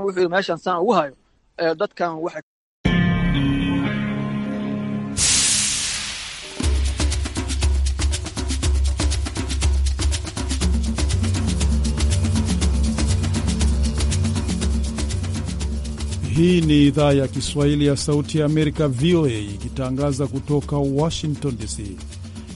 meeshan saan ugu hayo ee dadkan waxay Hii ni idhaa ya Kiswahili ya Sauti ya Amerika, VOA, ikitangaza kutoka Washington DC.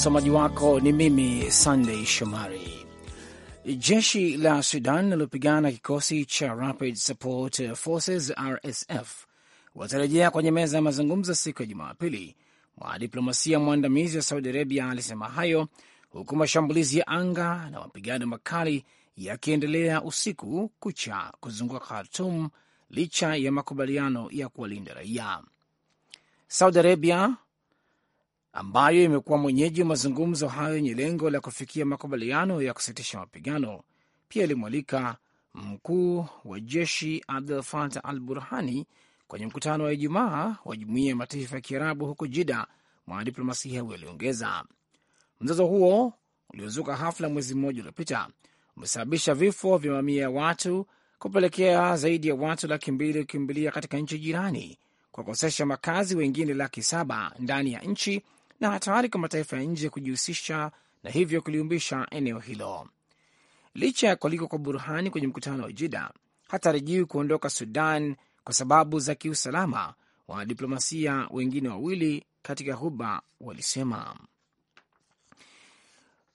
Msomaji wako ni mimi sandey Shomari. Jeshi la Sudan na kikosi cha Rapid Support Forces RSF watarejea kwenye meza ya mazungumzo siku ya Jumapili. Mwanadiplomasia mwandamizi wa Saudi Arabia alisema hayo huku mashambulizi ya anga na mapigano makali yakiendelea usiku kucha kuzunguka Khartum licha ya makubaliano ya kuwalinda raia. Saudi Arabia ambayo imekuwa mwenyeji wa mazungumzo hayo yenye lengo la kufikia makubaliano ya kusitisha mapigano, pia ilimwalika mkuu wa jeshi Abdul Fatah al Burhani kwenye mkutano wa Ijumaa wa Jumuiya ya Mataifa ya Kiarabu huko Jida. Mwanadiplomasia huyo aliongeza, mzozo huo uliozuka hafla mwezi mmoja uliopita umesababisha vifo vya mamia ya watu, kupelekea zaidi ya watu laki mbili kukimbilia katika nchi jirani, kwa kukosesha makazi wengine laki saba ndani ya nchi na hatari kwa mataifa ya nje kujihusisha na hivyo kuliumbisha eneo hilo. Licha ya kualikwa kwa Burhani kwenye mkutano wa Jida, hatarajiwi kuondoka Sudan kwa sababu za kiusalama, wanadiplomasia wengine wawili katika Ghuba walisema.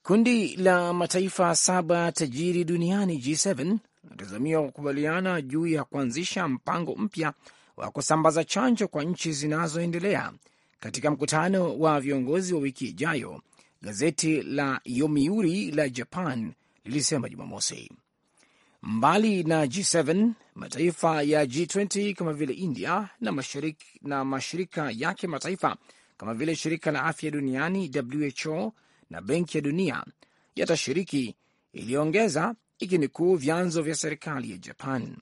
Kundi la mataifa saba tajiri duniani G7 natazamiwa kukubaliana juu ya kuanzisha mpango mpya wa kusambaza chanjo kwa nchi zinazoendelea katika mkutano wa viongozi wa wiki ijayo, gazeti la Yomiuri la Japan lilisema Jumamosi, mbali na G7 mataifa ya G20 kama vile India na, mashirika, na mashirika yake mataifa kama vile shirika la afya duniani WHO na benki ya dunia yatashiriki, iliyoongeza ikinukuu vyanzo vya serikali ya Japan.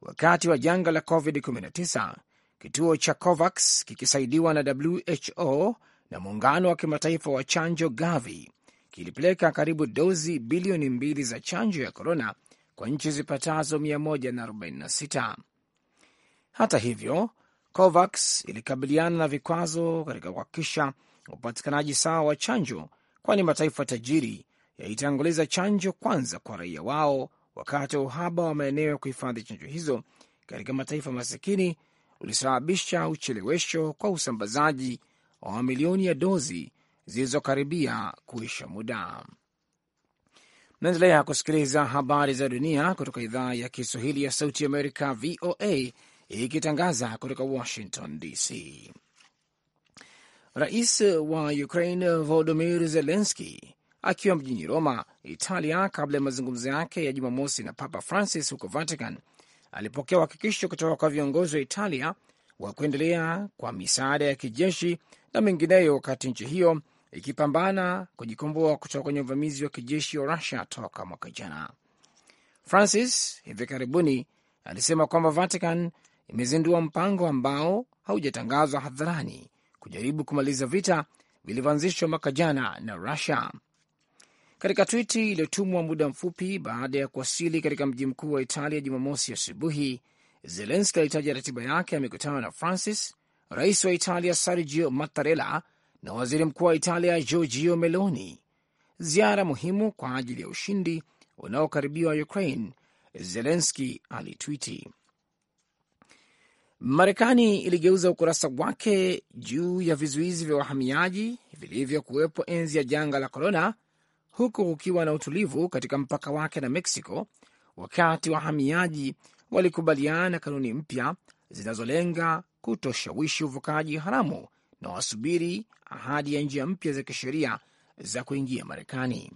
Wakati wa janga la COVID-19, Kituo cha COVAX kikisaidiwa na WHO na muungano wa kimataifa wa chanjo Gavi kilipeleka karibu dozi bilioni mbili za chanjo ya korona kwa nchi zipatazo 146. Hata hivyo, COVAX ilikabiliana na vikwazo katika kuhakikisha upatikanaji sawa wa chanjo, kwani mataifa tajiri yaitanguliza chanjo kwanza kwa raia wao wakati wa uhaba wa maeneo ya kuhifadhi chanjo hizo katika mataifa masikini ulisababisha uchelewesho kwa usambazaji wa mamilioni ya dozi zilizokaribia kuisha muda. Mnaendelea kusikiliza habari za dunia kutoka idhaa ya Kiswahili ya Sauti Amerika, VOA, ikitangaza kutoka Washington DC. Rais wa Ukraine Volodimir Zelenski akiwa mjini Roma, Italia, kabla ya mazungumzo yake ya Jumamosi na Papa Francis huko Vatican alipokea uhakikisho kutoka kwa viongozi wa Italia wa kuendelea kwa misaada ya kijeshi na mengineyo, wakati nchi hiyo ikipambana kujikomboa kutoka kwenye uvamizi wa kijeshi wa Rusia toka mwaka jana. Francis hivi karibuni alisema kwamba Vatican imezindua mpango ambao haujatangazwa hadharani kujaribu kumaliza vita vilivyoanzishwa mwaka jana na Rusia. Katika twiti iliyotumwa muda mfupi baada ya kuwasili katika mji mkuu wa Italia Jumamosi asubuhi, Zelenski alitaja ratiba yake ya mikutano na Francis, rais wa Italia Sergio Mattarella na waziri mkuu wa Italia Giorgio Meloni, ziara muhimu kwa ajili ya ushindi unaokaribiwa Ukraine, Zelenski alitwiti. Marekani iligeuza ukurasa wake juu ya vizuizi vya wahamiaji vilivyokuwepo enzi ya janga la korona huku kukiwa na utulivu katika mpaka wake na Mexico, wakati wahamiaji walikubaliana na kanuni mpya zinazolenga kutoshawishi uvukaji haramu na wasubiri ahadi ya njia mpya za kisheria za kuingia Marekani.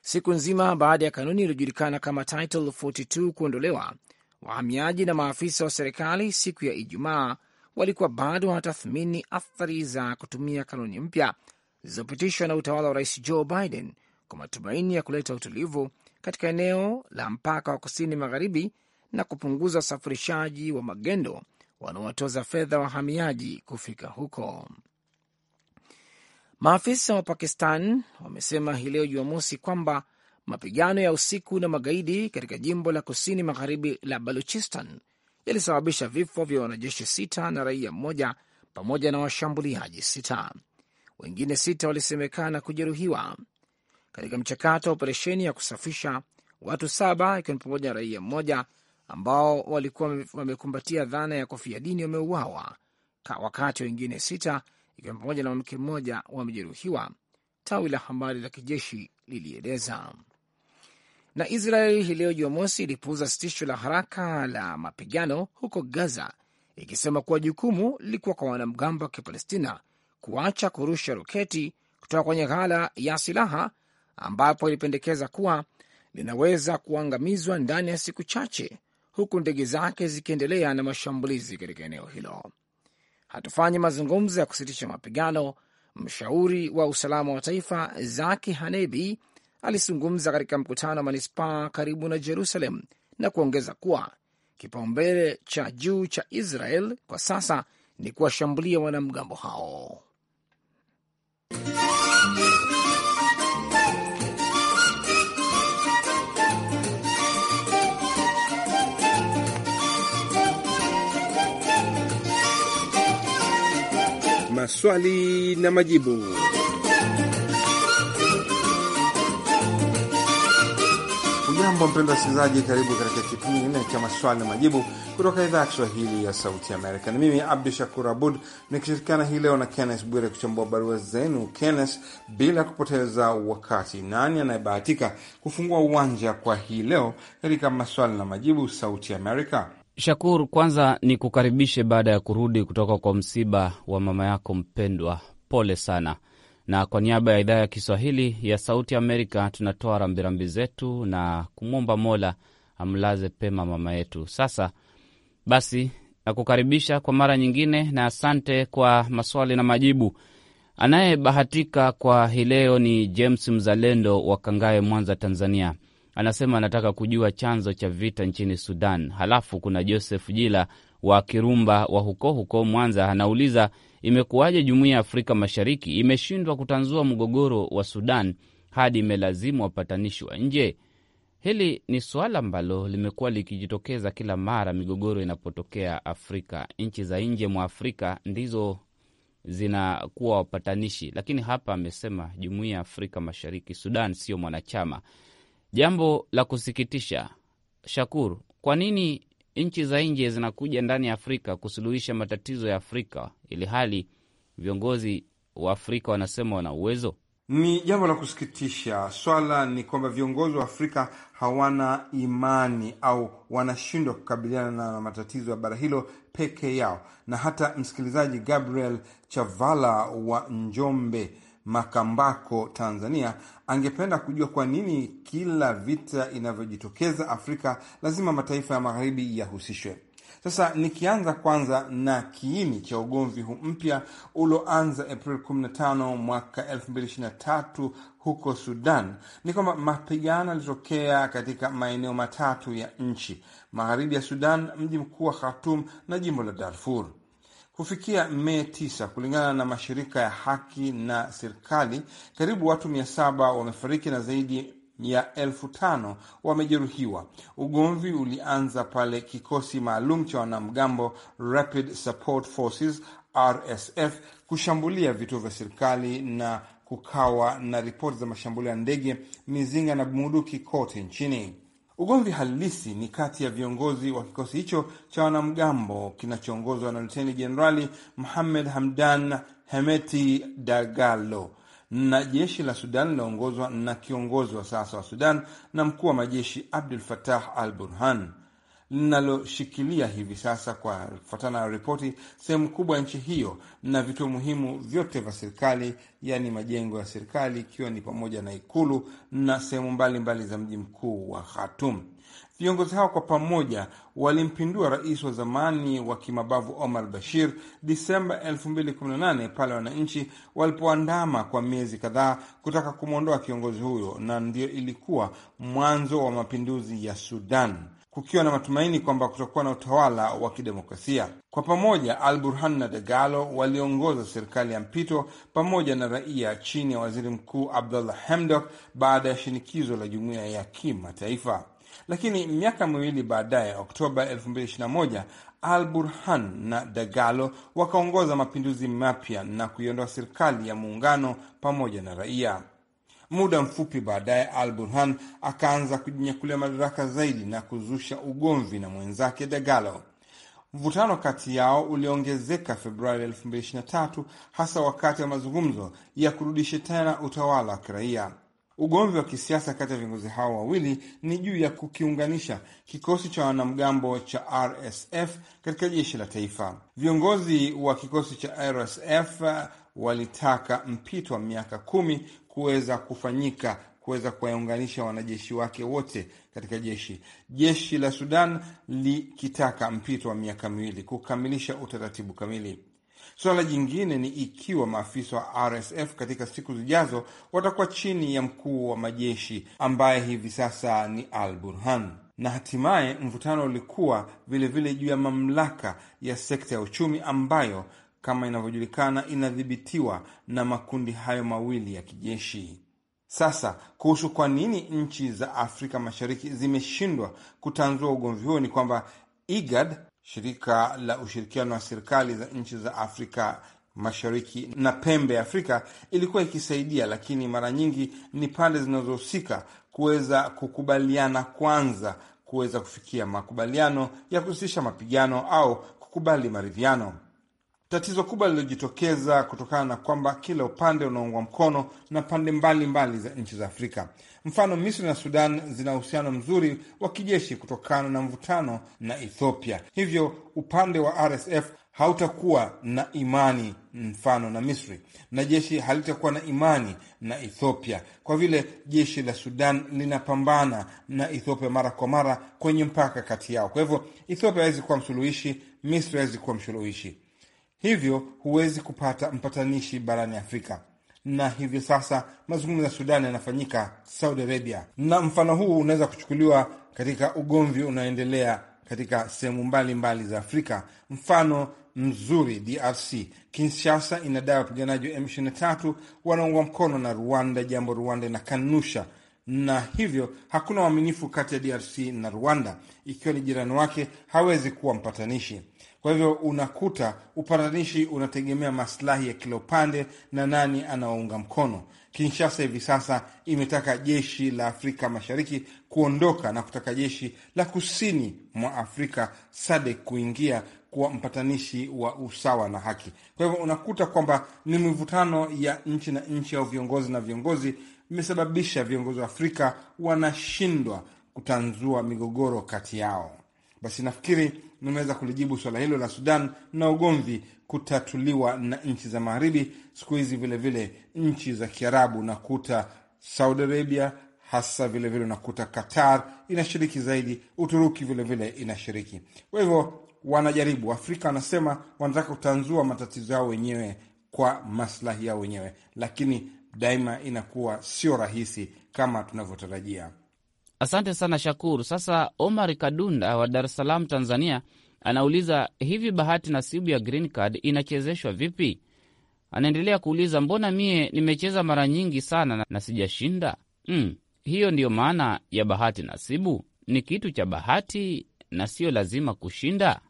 Siku nzima baada ya kanuni iliyojulikana kama Title 42 kuondolewa, wahamiaji na maafisa wa serikali siku ya Ijumaa walikuwa bado wanatathmini athari za kutumia kanuni mpya zilizopitishwa na utawala wa rais Joe Biden kwa matumaini ya kuleta utulivu katika eneo la mpaka wa kusini magharibi na kupunguza usafirishaji wa magendo wanaowatoza fedha wahamiaji kufika huko. Maafisa wa Pakistan wamesema hii leo Jumamosi kwamba mapigano ya usiku na magaidi katika jimbo la kusini magharibi la Baluchistan yalisababisha vifo vya wanajeshi sita na raia mmoja pamoja na washambuliaji sita wengine sita walisemekana kujeruhiwa katika mchakato wa operesheni ya kusafisha watu saba, ikiwa ni pamoja na raia mmoja ambao walikuwa wamekumbatia dhana ya kofia dini wameuawa, wakati wengine sita ikiwa ni pamoja na mwanamke mmoja wamejeruhiwa, tawi la habari la kijeshi lilieleza. Na Israel hii leo Jumamosi ilipuuza sitisho la haraka la mapigano huko Gaza, ikisema kuwa jukumu lilikuwa kwa wanamgambo wa Kipalestina kuacha kurusha roketi kutoka kwenye ghala ya silaha ambapo ilipendekeza kuwa linaweza kuangamizwa ndani ya siku chache, huku ndege zake zikiendelea na mashambulizi katika eneo hilo. Hatufanyi mazungumzo ya kusitisha mapigano, mshauri wa usalama wa taifa Zaki Hanebi alizungumza katika mkutano wa manispaa karibu na Jerusalem na kuongeza kuwa kipaumbele cha juu cha Israel kwa sasa ni kuwashambulia wanamgambo hao. maswali na majibu. Ujambo mpendo wasikilizaji, karibu katika kipindi kingine cha maswali na majibu kutoka idhaa ya Kiswahili ya Sauti ya Amerika. Ni mimi Abdu Shakur Abud nikishirikiana hii leo na Kenneth Bwire kuchambua barua zenu. Kenneth, bila kupoteza wakati, nani anayebahatika kufungua uwanja kwa hii leo katika maswali na majibu Sauti ya Amerika? Shakur, kwanza ni kukaribishe baada ya kurudi kutoka kwa msiba wa mama yako mpendwa, pole sana. Na kwa niaba ya idhaa ya Kiswahili ya Sauti Amerika tunatoa rambirambi zetu na kumwomba Mola amlaze pema mama yetu. Sasa basi, nakukaribisha kwa mara nyingine na asante kwa maswali na majibu. Anayebahatika kwa hii leo ni James Mzalendo wa Kangae, Mwanza, Tanzania anasema anataka kujua chanzo cha vita nchini Sudan. Halafu kuna Joseph Jila wa Kirumba wa huko huko Mwanza, anauliza imekuwaje jumuiya ya Afrika Mashariki imeshindwa kutanzua mgogoro wa Sudan hadi imelazimu wapatanishi wa nje? Hili ni suala ambalo limekuwa likijitokeza kila mara migogoro inapotokea Afrika. Nchi za nje mwa Afrika ndizo zinakuwa wapatanishi, lakini hapa amesema jumuiya ya Afrika Mashariki, Sudan sio mwanachama. Jambo la kusikitisha, shakur kwa nini nchi za nje zinakuja ndani ya Afrika kusuluhisha matatizo ya Afrika ili hali viongozi wa Afrika wanasema wana uwezo? Ni jambo la kusikitisha. Swala ni kwamba viongozi wa Afrika hawana imani au wanashindwa kukabiliana na matatizo ya bara hilo peke yao. Na hata msikilizaji Gabriel Chavala wa Njombe Makambako, Tanzania, angependa kujua kwa nini kila vita inavyojitokeza Afrika lazima mataifa ya magharibi yahusishwe. Sasa nikianza kwanza na kiini cha ugomvi huu mpya ulioanza Aprili 15 mwaka 2023 huko Sudan ni kwamba mapigano yalitokea katika maeneo matatu ya nchi magharibi ya Sudan, mji mkuu wa Khartum na jimbo la Darfur. Kufikia Mei 9, kulingana na mashirika ya haki na serikali, karibu watu saba wamefariki na zaidi ya elfu tano wamejeruhiwa. Ugomvi ulianza pale kikosi maalum cha wanamgambo Rapid Support Forces RSF kushambulia vituo vya serikali na kukawa na ripoti za mashambulio ya ndege, mizinga na bunduki kote nchini. Ugomvi halisi ni kati ya viongozi wa kikosi hicho cha wanamgambo kinachoongozwa na Luteni Jenerali muhammed Hamdan Hemeti Dagalo na jeshi la Sudan linaongozwa na kiongozi wa sasa wa Sudan na mkuu wa majeshi Abdul Fatah Al Burhan linaloshikilia hivi sasa, kwa kufuatana na ripoti, sehemu kubwa ya nchi hiyo na vituo muhimu vyote vya serikali, yaani majengo ya serikali, ikiwa ni pamoja na ikulu na sehemu mbalimbali za mji mkuu wa Khartoum. Viongozi hao kwa pamoja walimpindua rais wa zamani wa kimabavu Omar Bashir Disemba 2018 pale wananchi walipoandama kwa miezi kadhaa kutaka kumwondoa kiongozi huyo, na ndio ilikuwa mwanzo wa mapinduzi ya Sudan kukiwa na matumaini kwamba kutakuwa na utawala wa kidemokrasia. Kwa pamoja, Al Burhan na Dagalo waliongoza serikali ya mpito pamoja na raia chini ya waziri mkuu Abdullah Hamdok baada ya shinikizo la jumuiya ya kimataifa. Lakini miaka miwili baadaye, Oktoba 2021, Al Burhan na Dagalo wakaongoza mapinduzi mapya na kuiondoa serikali ya muungano pamoja na raia. Muda mfupi baadaye, Al Burhan akaanza kujinyakulia madaraka zaidi na kuzusha ugomvi na mwenzake Dagalo. Mvutano kati yao uliongezeka Februari 2023 hasa wakati wa mazungumzo ya kurudisha tena utawala wa kiraia. Ugomvi wa kisiasa kati ya viongozi hao wawili ni juu ya kukiunganisha kikosi cha wanamgambo cha RSF katika jeshi la taifa. Viongozi wa kikosi cha RSF eh, walitaka mpito wa miaka kumi kuweza kufanyika kuweza kuwaunganisha wanajeshi wake wote katika jeshi. Jeshi la Sudan likitaka mpito wa miaka miwili kukamilisha utaratibu kamili. Suala jingine ni ikiwa maafisa wa RSF katika siku zijazo watakuwa chini ya mkuu wa majeshi ambaye hivi sasa ni Al Burhan. Na hatimaye mvutano ulikuwa vilevile juu ya mamlaka ya sekta ya uchumi ambayo kama inavyojulikana inadhibitiwa na makundi hayo mawili ya kijeshi. Sasa kuhusu kwa nini nchi za Afrika Mashariki zimeshindwa kutanzua ugomvi huo, ni kwamba IGAD, shirika la ushirikiano wa serikali za nchi za Afrika Mashariki na pembe ya Afrika, ilikuwa ikisaidia, lakini mara nyingi ni pande zinazohusika kuweza kukubaliana kwanza kuweza kufikia makubaliano ya kusitisha mapigano au kukubali maridhiano. Tatizo kubwa lililojitokeza kutokana na kwamba kila upande unaungwa mkono na pande mbalimbali mbali za nchi za Afrika. Mfano, Misri na Sudan zina uhusiano mzuri wa kijeshi kutokana na mvutano na Ethiopia, hivyo upande wa RSF hautakuwa na imani mfano na Misri na jeshi halitakuwa na imani na Ethiopia kwa vile jeshi la Sudan linapambana na Ethiopia mara kwa mara kwenye mpaka kati yao. Kwa hivyo Ethiopia hawezi kuwa msuluhishi, Misri hawezi kuwa msuluhishi hivyo huwezi kupata mpatanishi barani Afrika. Na hivi sasa mazungumzo ya Sudan yanafanyika Saudi Arabia, na mfano huu unaweza kuchukuliwa katika ugomvi unaoendelea katika sehemu mbalimbali za Afrika. Mfano mzuri DRC, Kinshasa inadai wapiganaji wa M23 wanaungwa mkono na Rwanda, jambo Rwanda inakanusha, na hivyo hakuna uaminifu kati ya DRC na Rwanda. Ikiwa ni jirani wake, hawezi kuwa mpatanishi. Kwa hivyo unakuta upatanishi unategemea maslahi ya kila upande na nani anawaunga mkono. Kinshasa hivi sasa imetaka jeshi la Afrika Mashariki kuondoka na kutaka jeshi la kusini mwa Afrika SADC kuingia kuwa mpatanishi wa usawa na haki. Kwa hivyo unakuta kwamba ni mivutano ya nchi na nchi au viongozi na viongozi imesababisha viongozi wa Afrika wanashindwa kutanzua migogoro kati yao. Basi nafikiri nimeweza kulijibu suala hilo la Sudan na ugomvi kutatuliwa na nchi za magharibi siku hizi, vilevile nchi za Kiarabu nakuta Saudi Arabia hasa vilevile unakuta Qatar inashiriki zaidi, Uturuki vilevile vile inashiriki. Kwa hivyo wanajaribu, Afrika wanasema wanataka kutanzua matatizo yao wenyewe kwa maslahi yao wenyewe, lakini daima inakuwa sio rahisi kama tunavyotarajia. Asante sana Shakuru. Sasa Omar Kadunda wa Dar es Salaam, Tanzania, anauliza hivi, bahati nasibu ya green card inachezeshwa vipi? Anaendelea kuuliza mbona mie nimecheza mara nyingi sana na sijashinda? Mm, hiyo ndiyo maana ya bahati nasibu, ni kitu cha bahati na siyo lazima kushinda.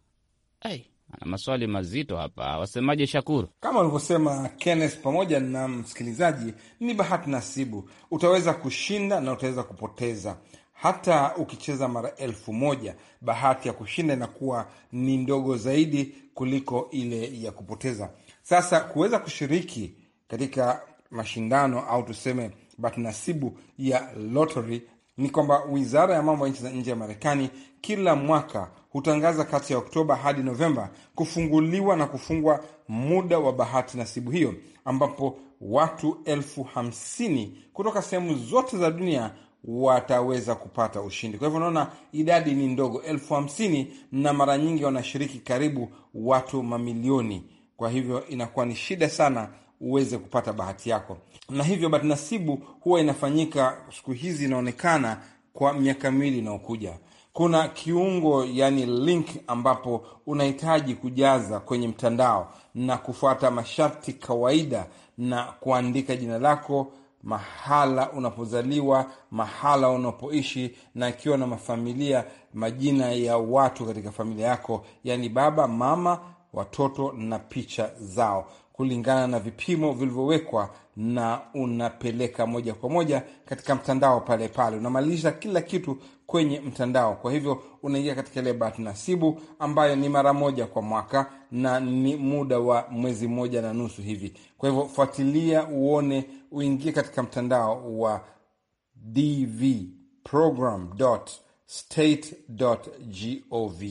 Hey, ana maswali mazito hapa. Wasemaje Shakuru? Kama ulivyosema Kenneth pamoja na msikilizaji, ni bahati nasibu, utaweza kushinda na utaweza kupoteza hata ukicheza mara elfu moja bahati ya kushinda inakuwa ni ndogo zaidi kuliko ile ya kupoteza. Sasa kuweza kushiriki katika mashindano au tuseme bahati nasibu ya lottery ni kwamba wizara ya mambo ya nchi za nje ya Marekani kila mwaka hutangaza kati ya Oktoba hadi Novemba kufunguliwa na kufungwa muda wa bahati nasibu hiyo, ambapo watu elfu hamsini kutoka sehemu zote za dunia wataweza kupata ushindi. Kwa hivyo unaona idadi ni ndogo, elfu hamsini, na mara nyingi wanashiriki karibu watu mamilioni. Kwa hivyo inakuwa ni shida sana uweze kupata bahati yako, na hivyo bahati nasibu huwa inafanyika siku hizi, inaonekana kwa miaka miwili inayokuja kuna kiungo yani link ambapo unahitaji kujaza kwenye mtandao na kufuata masharti kawaida na kuandika jina lako mahala unapozaliwa, mahala unapoishi, na akiwa na mafamilia, majina ya watu katika familia yako, yaani baba, mama, watoto na picha zao kulingana na vipimo vilivyowekwa, na unapeleka moja kwa moja katika mtandao pale pale, unamaliza kila kitu kwenye mtandao. Kwa hivyo unaingia katika ile bahati nasibu ambayo ni mara moja kwa mwaka na ni muda wa mwezi mmoja na nusu hivi. Kwa hivyo fuatilia, uone, uingie katika mtandao wa dvprogram.state.gov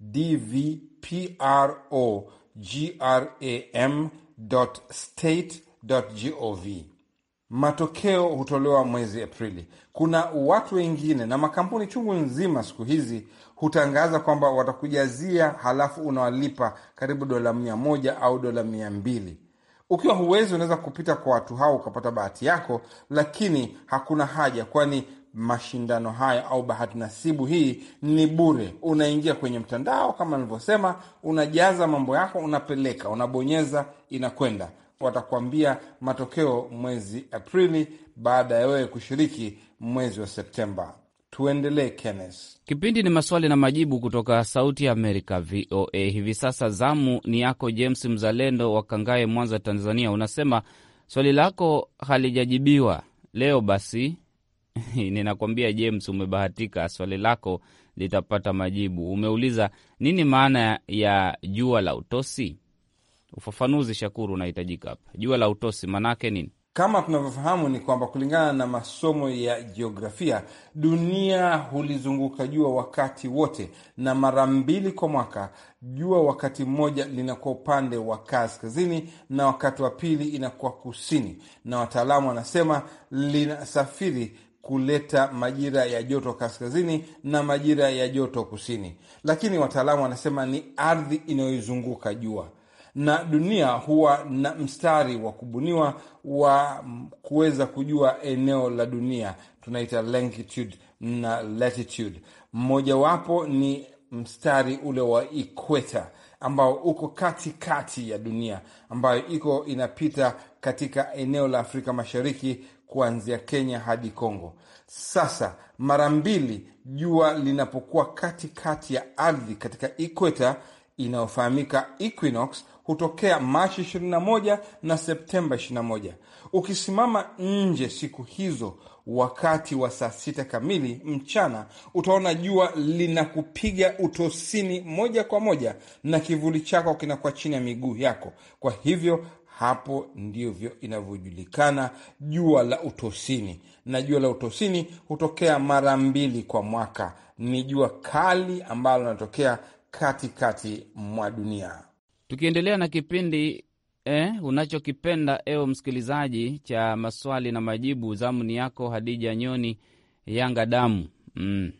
dvpro gram.state.gov. Matokeo hutolewa mwezi Aprili. Kuna watu wengine na makampuni chungu nzima siku hizi hutangaza kwamba watakujazia, halafu unawalipa karibu dola mia moja au dola mia mbili. Ukiwa huwezi, unaweza kupita kwa watu hao ukapata bahati yako, lakini hakuna haja, kwani mashindano haya au bahati nasibu hii ni bure. Unaingia kwenye mtandao kama nilivyosema, unajaza mambo yako, unapeleka, unabonyeza, inakwenda. Watakuambia matokeo mwezi Aprili baada ya wewe kushiriki mwezi wa Septemba. Tuendelee, Kenneth. Kipindi ni maswali na majibu kutoka Sauti ya Amerika, VOA. Hivi sasa zamu ni yako, James Mzalendo wa Kangae, Mwanza, Tanzania. Unasema swali lako halijajibiwa leo, basi ninakwambia James, umebahatika, swali lako litapata majibu. Umeuliza nini maana ya jua la utosi? Ufafanuzi Shakuru unahitajika hapa. Jua la utosi maanake nini? Kama tunavyofahamu ni kwamba kulingana na masomo ya jiografia, dunia hulizunguka jua wakati wote, na mara mbili kwa mwaka jua wakati mmoja linakuwa upande wa kaskazini na wakati wa pili inakuwa kusini, na wataalamu wanasema linasafiri kuleta majira ya joto kaskazini na majira ya joto kusini, lakini wataalamu wanasema ni ardhi inayoizunguka jua na dunia huwa na mstari wa kubuniwa wa kuweza kujua eneo la dunia, tunaita longitude na latitude. Mmojawapo ni mstari ule wa ikweta ambao uko katikati kati ya dunia ambayo iko inapita katika eneo la Afrika Mashariki kuanzia Kenya hadi Kongo. Sasa mara mbili jua linapokuwa katikati ya ardhi katika ikweta inayofahamika equinox hutokea Machi 21 na Septemba 21. Ukisimama nje siku hizo wakati wa saa sita kamili mchana, utaona jua linakupiga utosini moja kwa moja na kivuli chako kinakuwa chini ya miguu yako. Kwa hivyo hapo ndivyo inavyojulikana jua la utosini, na jua la utosini hutokea mara mbili kwa mwaka. Ni jua kali ambalo linatokea katikati mwa dunia. Tukiendelea na kipindi eh, unachokipenda eo msikilizaji, cha maswali na majibu, zamu ni yako Hadija Nyoni Yanga Damu mm,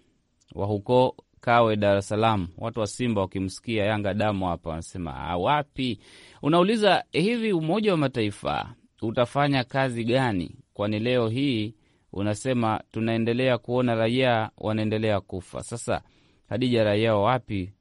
wa huko Kawe, Dar es Salaam. Watu wa Simba wakimsikia Yanga damu hapa wanasema ah, wapi? Unauliza eh, hivi, Umoja wa Mataifa utafanya kazi gani? Kwani leo hii unasema tunaendelea kuona raia wanaendelea kufa. Sasa Hadija, raia wapi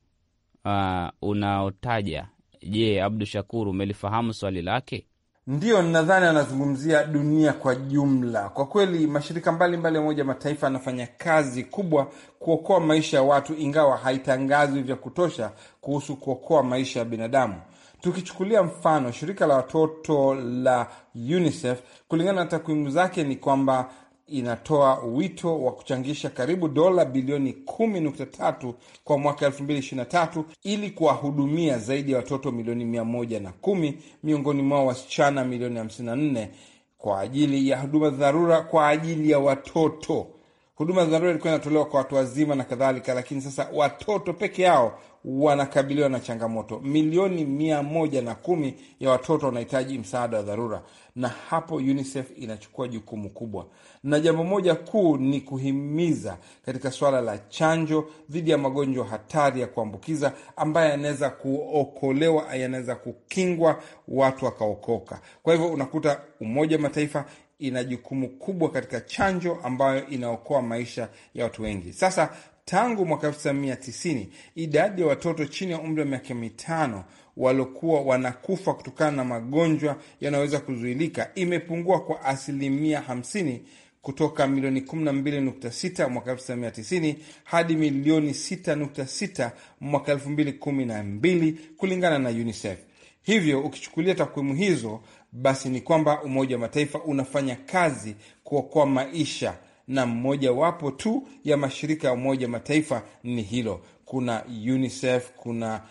uh, unaotaja? Je, Abdu Shakuru, umelifahamu swali lake? Ndiyo, nadhani anazungumzia dunia kwa jumla. Kwa kweli, mashirika mbalimbali ya Umoja Mataifa yanafanya kazi kubwa kuokoa maisha ya watu, ingawa haitangazwi vya kutosha kuhusu kuokoa maisha ya binadamu. Tukichukulia mfano shirika la watoto la UNICEF, kulingana na takwimu zake ni kwamba inatoa wito wa kuchangisha karibu dola bilioni 10.3 kwa mwaka 2023 ili kuwahudumia zaidi ya watoto milioni 110 miongoni mwao wasichana milioni 54 kwa ajili ya huduma dharura kwa ajili ya watoto huduma za dharura ilikuwa inatolewa kwa watu wazima na kadhalika, lakini sasa watoto peke yao wanakabiliwa na changamoto. Milioni mia moja na kumi ya watoto wanahitaji msaada wa dharura, na hapo UNICEF inachukua jukumu kubwa, na jambo moja kuu ni kuhimiza katika suala la chanjo dhidi ya magonjwa hatari ya kuambukiza ambayo yanaweza kuokolewa, yanaweza kukingwa, watu wakaokoka. Kwa hivyo unakuta Umoja wa Mataifa ina jukumu kubwa katika chanjo ambayo inaokoa maisha ya watu wengi. Sasa tangu mwaka 1990 idadi ya watoto chini ya umri wa miaka mitano waliokuwa wanakufa kutokana na magonjwa yanayoweza kuzuilika imepungua kwa asilimia 50 kutoka milioni 12.6 mwaka 1990 hadi milioni 6.6 mwaka 2012 kulingana na UNICEF. Hivyo ukichukulia takwimu hizo basi ni kwamba Umoja wa Mataifa unafanya kazi kuokoa maisha, na mmojawapo tu ya mashirika ya Umoja wa Mataifa ni hilo. Kuna UNICEF, kuna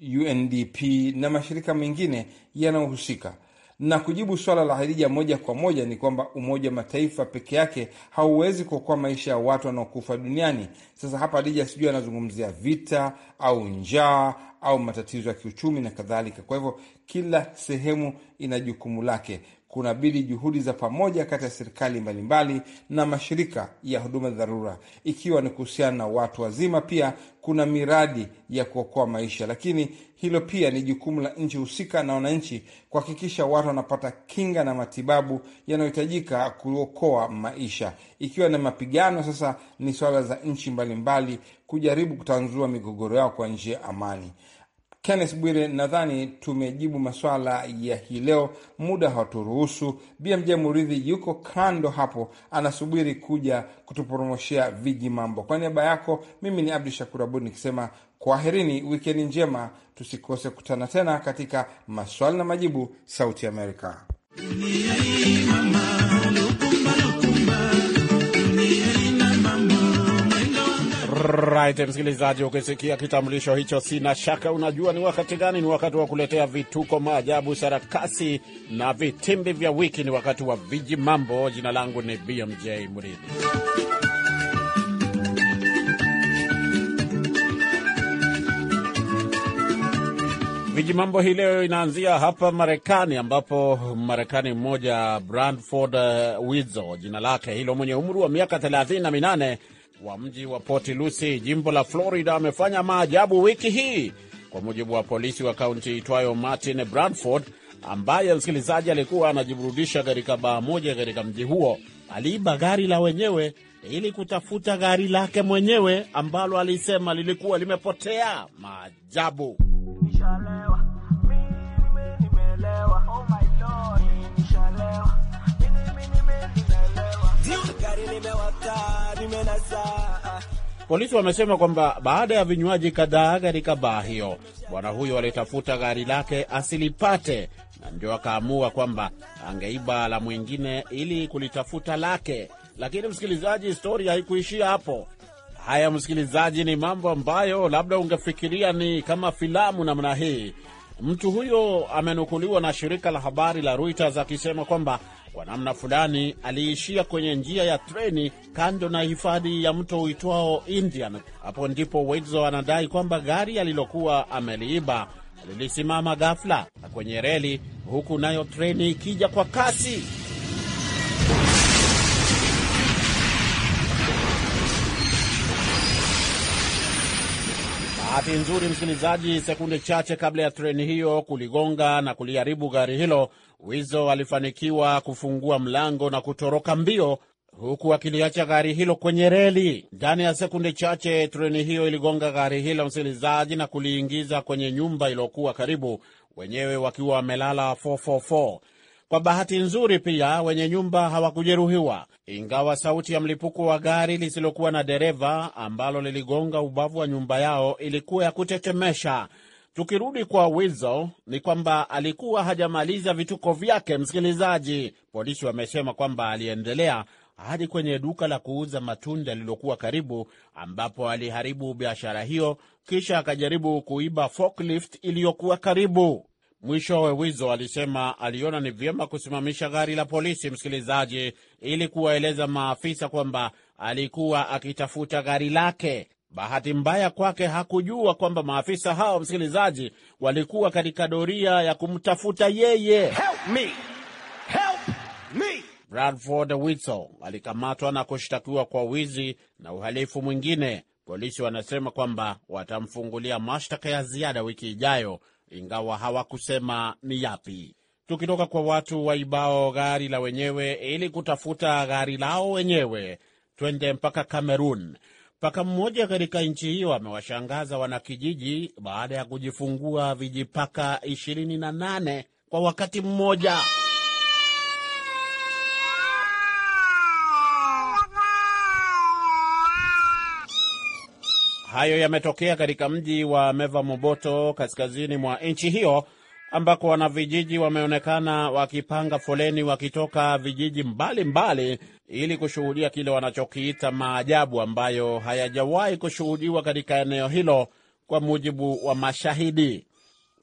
UNDP na mashirika mengine yanayohusika. Na kujibu swala la Hadija moja kwa moja ni kwamba Umoja wa Mataifa peke yake hauwezi kuokoa maisha ya watu wanaokufa duniani. Sasa hapa Hadija sijui anazungumzia vita au njaa au matatizo ya kiuchumi na kadhalika. Kwa hivyo kila sehemu ina jukumu lake kunabidi juhudi za pamoja kati ya serikali mbalimbali na mashirika ya huduma za dharura, ikiwa ni kuhusiana na watu wazima. Pia kuna miradi ya kuokoa maisha, lakini hilo pia ni jukumu la nchi husika na wananchi kuhakikisha watu wanapata kinga na matibabu yanayohitajika kuokoa maisha. Ikiwa ni mapigano sasa, ni swala za nchi mbalimbali kujaribu kutanzua migogoro yao kwa njia ya amani. Kenneth Bwire, nadhani tumejibu maswala ya hii leo, muda hawaturuhusu. BMJ Muridhi yuko kando hapo, anasubiri kuja kutupromoshea viji mambo. Kwa niaba yako, mimi ni Abdu Shakur Abud nikisema kwaherini, wikendi njema, tusikose kutana tena katika maswali na majibu, Sauti Amerika. Right, msikilizaji, ukisikia kitambulisho hicho, sina shaka unajua ni wakati gani. Ni wakati wa kuletea vituko, maajabu, sarakasi na vitimbi vya wiki. Ni wakati wa viji mambo. Jina langu ni BMJ Mridhi. Vijimambo hii leo inaanzia hapa Marekani, ambapo Marekani mmoja Branford uh, Widzo jina lake hilo, mwenye umri wa miaka 38 wa mji wa Port Lucy, jimbo la Florida, amefanya maajabu wiki hii, kwa mujibu wa polisi wa kaunti itwayo Martin Branford, ambaye msikilizaji alikuwa anajiburudisha katika baa moja katika mji huo. Aliiba gari la wenyewe ili kutafuta gari lake mwenyewe ambalo alisema lilikuwa limepotea. Maajabu. Oh, gari Polisi wamesema kwamba baada ya vinywaji kadhaa katika baa hiyo, bwana huyo alitafuta gari lake asilipate, na ndio akaamua kwamba angeiba la mwingine ili kulitafuta lake. Lakini msikilizaji, historia haikuishia hapo. Haya msikilizaji, ni mambo ambayo labda ungefikiria ni kama filamu namna hii. Mtu huyo amenukuliwa na shirika la habari la Reuters akisema kwamba kwa namna fulani aliishia kwenye njia ya treni kando na hifadhi ya mto uitwao Indian. Hapo ndipo Wedzo anadai kwamba gari alilokuwa ameliiba lilisimama ghafla kwenye reli, huku nayo treni ikija kwa kasi. Bahati nzuri msikilizaji, sekunde chache kabla ya treni hiyo kuligonga na kuliharibu gari hilo, Wizo alifanikiwa kufungua mlango na kutoroka mbio huku akiliacha gari hilo kwenye reli. Ndani ya sekunde chache treni hiyo iligonga gari hilo, msikilizaji, na kuliingiza kwenye nyumba iliyokuwa karibu, wenyewe wakiwa wamelala 444. Kwa bahati nzuri pia wenye nyumba hawakujeruhiwa, ingawa sauti ya mlipuko wa gari lisilokuwa na dereva ambalo liligonga ubavu wa nyumba yao ilikuwa ya kutetemesha. Tukirudi kwa Wizo ni kwamba alikuwa hajamaliza vituko vyake, msikilizaji. Polisi wamesema kwamba aliendelea hadi kwenye duka la kuuza matunda lililokuwa karibu, ambapo aliharibu biashara hiyo, kisha akajaribu kuiba forklift iliyokuwa karibu. Mwishowe Wizo alisema aliona ni vyema kusimamisha gari la polisi, msikilizaji, ili kuwaeleza maafisa kwamba alikuwa akitafuta gari lake. Bahati mbaya kwake hakujua kwamba maafisa hao, msikilizaji, walikuwa katika doria ya kumtafuta yeye. Help me. Help me. Bradford Witzel alikamatwa na kushtakiwa kwa wizi na uhalifu mwingine. Polisi wanasema kwamba watamfungulia mashtaka ya ziada wiki ijayo ingawa hawakusema ni yapi. Tukitoka kwa watu waibao gari la wenyewe ili kutafuta gari lao wenyewe, twende mpaka Kamerun. Paka mmoja katika nchi hiyo amewashangaza wanakijiji baada ya kujifungua vijipaka 28 kwa wakati mmoja. Hayo yametokea katika mji wa Meva Moboto kaskazini mwa nchi hiyo ambako wanavijiji wameonekana wakipanga foleni wakitoka vijiji mbalimbali mbali, ili kushuhudia kile wanachokiita maajabu ambayo hayajawahi kushuhudiwa katika eneo hilo kwa mujibu wa mashahidi.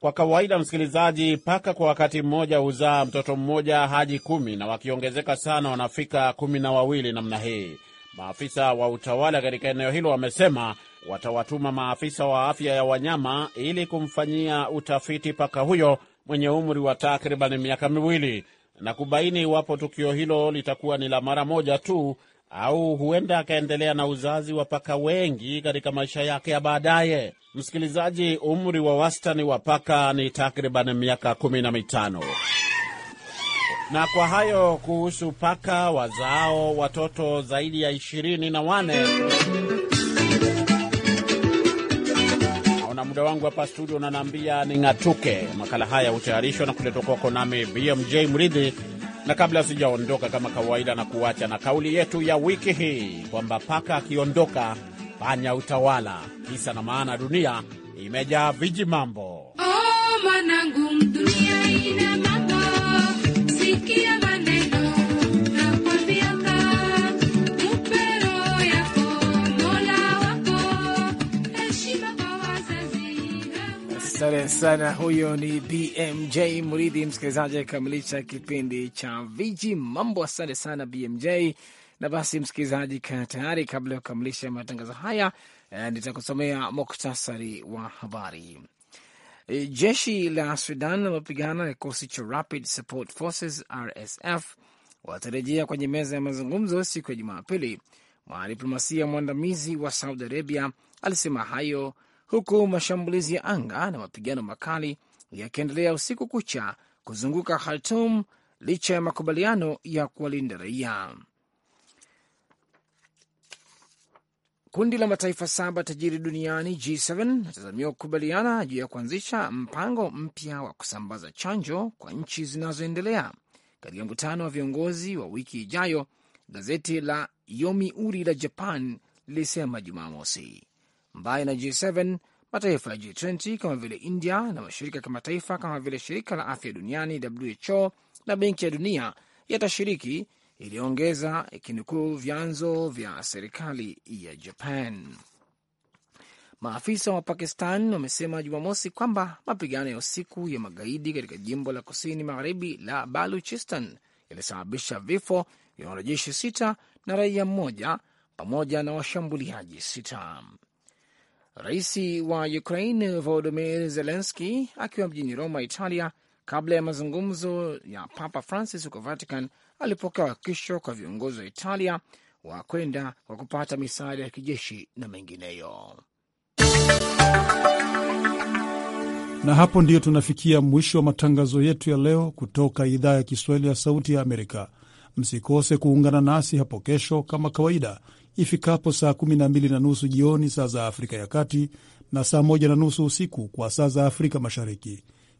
Kwa kawaida, msikilizaji, paka kwa wakati mmoja huzaa mtoto mmoja hadi kumi, na wakiongezeka sana wanafika kumi na wawili namna hii. Maafisa wa utawala katika eneo hilo wamesema watawatuma maafisa wa afya ya wanyama ili kumfanyia utafiti paka huyo mwenye umri wa takriban miaka miwili na kubaini iwapo tukio hilo litakuwa ni la mara moja tu au huenda akaendelea na uzazi wa paka wengi katika maisha yake ya baadaye. Msikilizaji, umri wa wastani wa paka ni takriban miaka kumi na mitano. Na kwa hayo kuhusu paka wazao watoto zaidi ya ishirini na wane. Naona muda wangu hapa studio unanaambia ning'atuke. Makala haya hutayarishwa na kuletwa kwako nami BMJ Mridhi, na kabla sijaondoka, kama kawaida, na kuacha na kauli yetu ya wiki hii kwamba paka akiondoka panya utawala. Kisa na maana, dunia imejaa viji mambo. Oh, manangu, dunia ina mambo sana. Huyo ni BMJ Mridhi, msikilizaji akikamilisha kipindi cha viji mambo. Asante sana BMJ. Na basi, msikilizaji, kaa tayari. Kabla ya kukamilisha matangazo haya, eh, nitakusomea muktasari wa habari. E, jeshi la Sudan mapigano na kikosi cha Rapid Support Forces RSF watarejea kwenye meza ya mazungumzo siku ya Jumapili. Mwanadiplomasia mwandamizi wa Saudi Arabia alisema hayo huku mashambulizi ya anga na mapigano makali yakiendelea usiku kucha kuzunguka Khartum licha ya makubaliano ya kuwalinda raia. Kundi la mataifa saba tajiri duniani G7 natazamiwa kukubaliana juu ya kuanzisha mpango mpya wa kusambaza chanjo kwa nchi zinazoendelea katika mkutano wa viongozi wa wiki ijayo, gazeti la Yomiuri la Japan lilisema Jumamosi. Mbali na G7, mataifa ya G20 kama vile India na mashirika ya kimataifa kama vile shirika la afya duniani WHO na benki ya dunia yatashiriki iliongeza ikinukuu vyanzo vya serikali ya Japan. Maafisa wa Pakistan wamesema Jumamosi kwamba mapigano ya usiku ya magaidi katika jimbo la kusini magharibi la Baluchistan yalisababisha vifo vya wanajeshi sita na raia mmoja pamoja na washambuliaji sita. Rais wa Ukraine Volodimir Zelenski akiwa mjini Roma, Italia, kabla ya mazungumzo ya Papa Francis huko Vatican. Alipokea uhakikisho kwa viongozi wa Italia wa kwenda kwa kupata misaada ya kijeshi na mengineyo. Na hapo ndiyo tunafikia mwisho wa matangazo yetu ya leo kutoka idhaa ya Kiswahili ya Sauti ya Amerika. Msikose kuungana nasi hapo kesho kama kawaida ifikapo saa 12 na nusu jioni saa za Afrika ya Kati na saa 1 na nusu usiku kwa saa za Afrika Mashariki.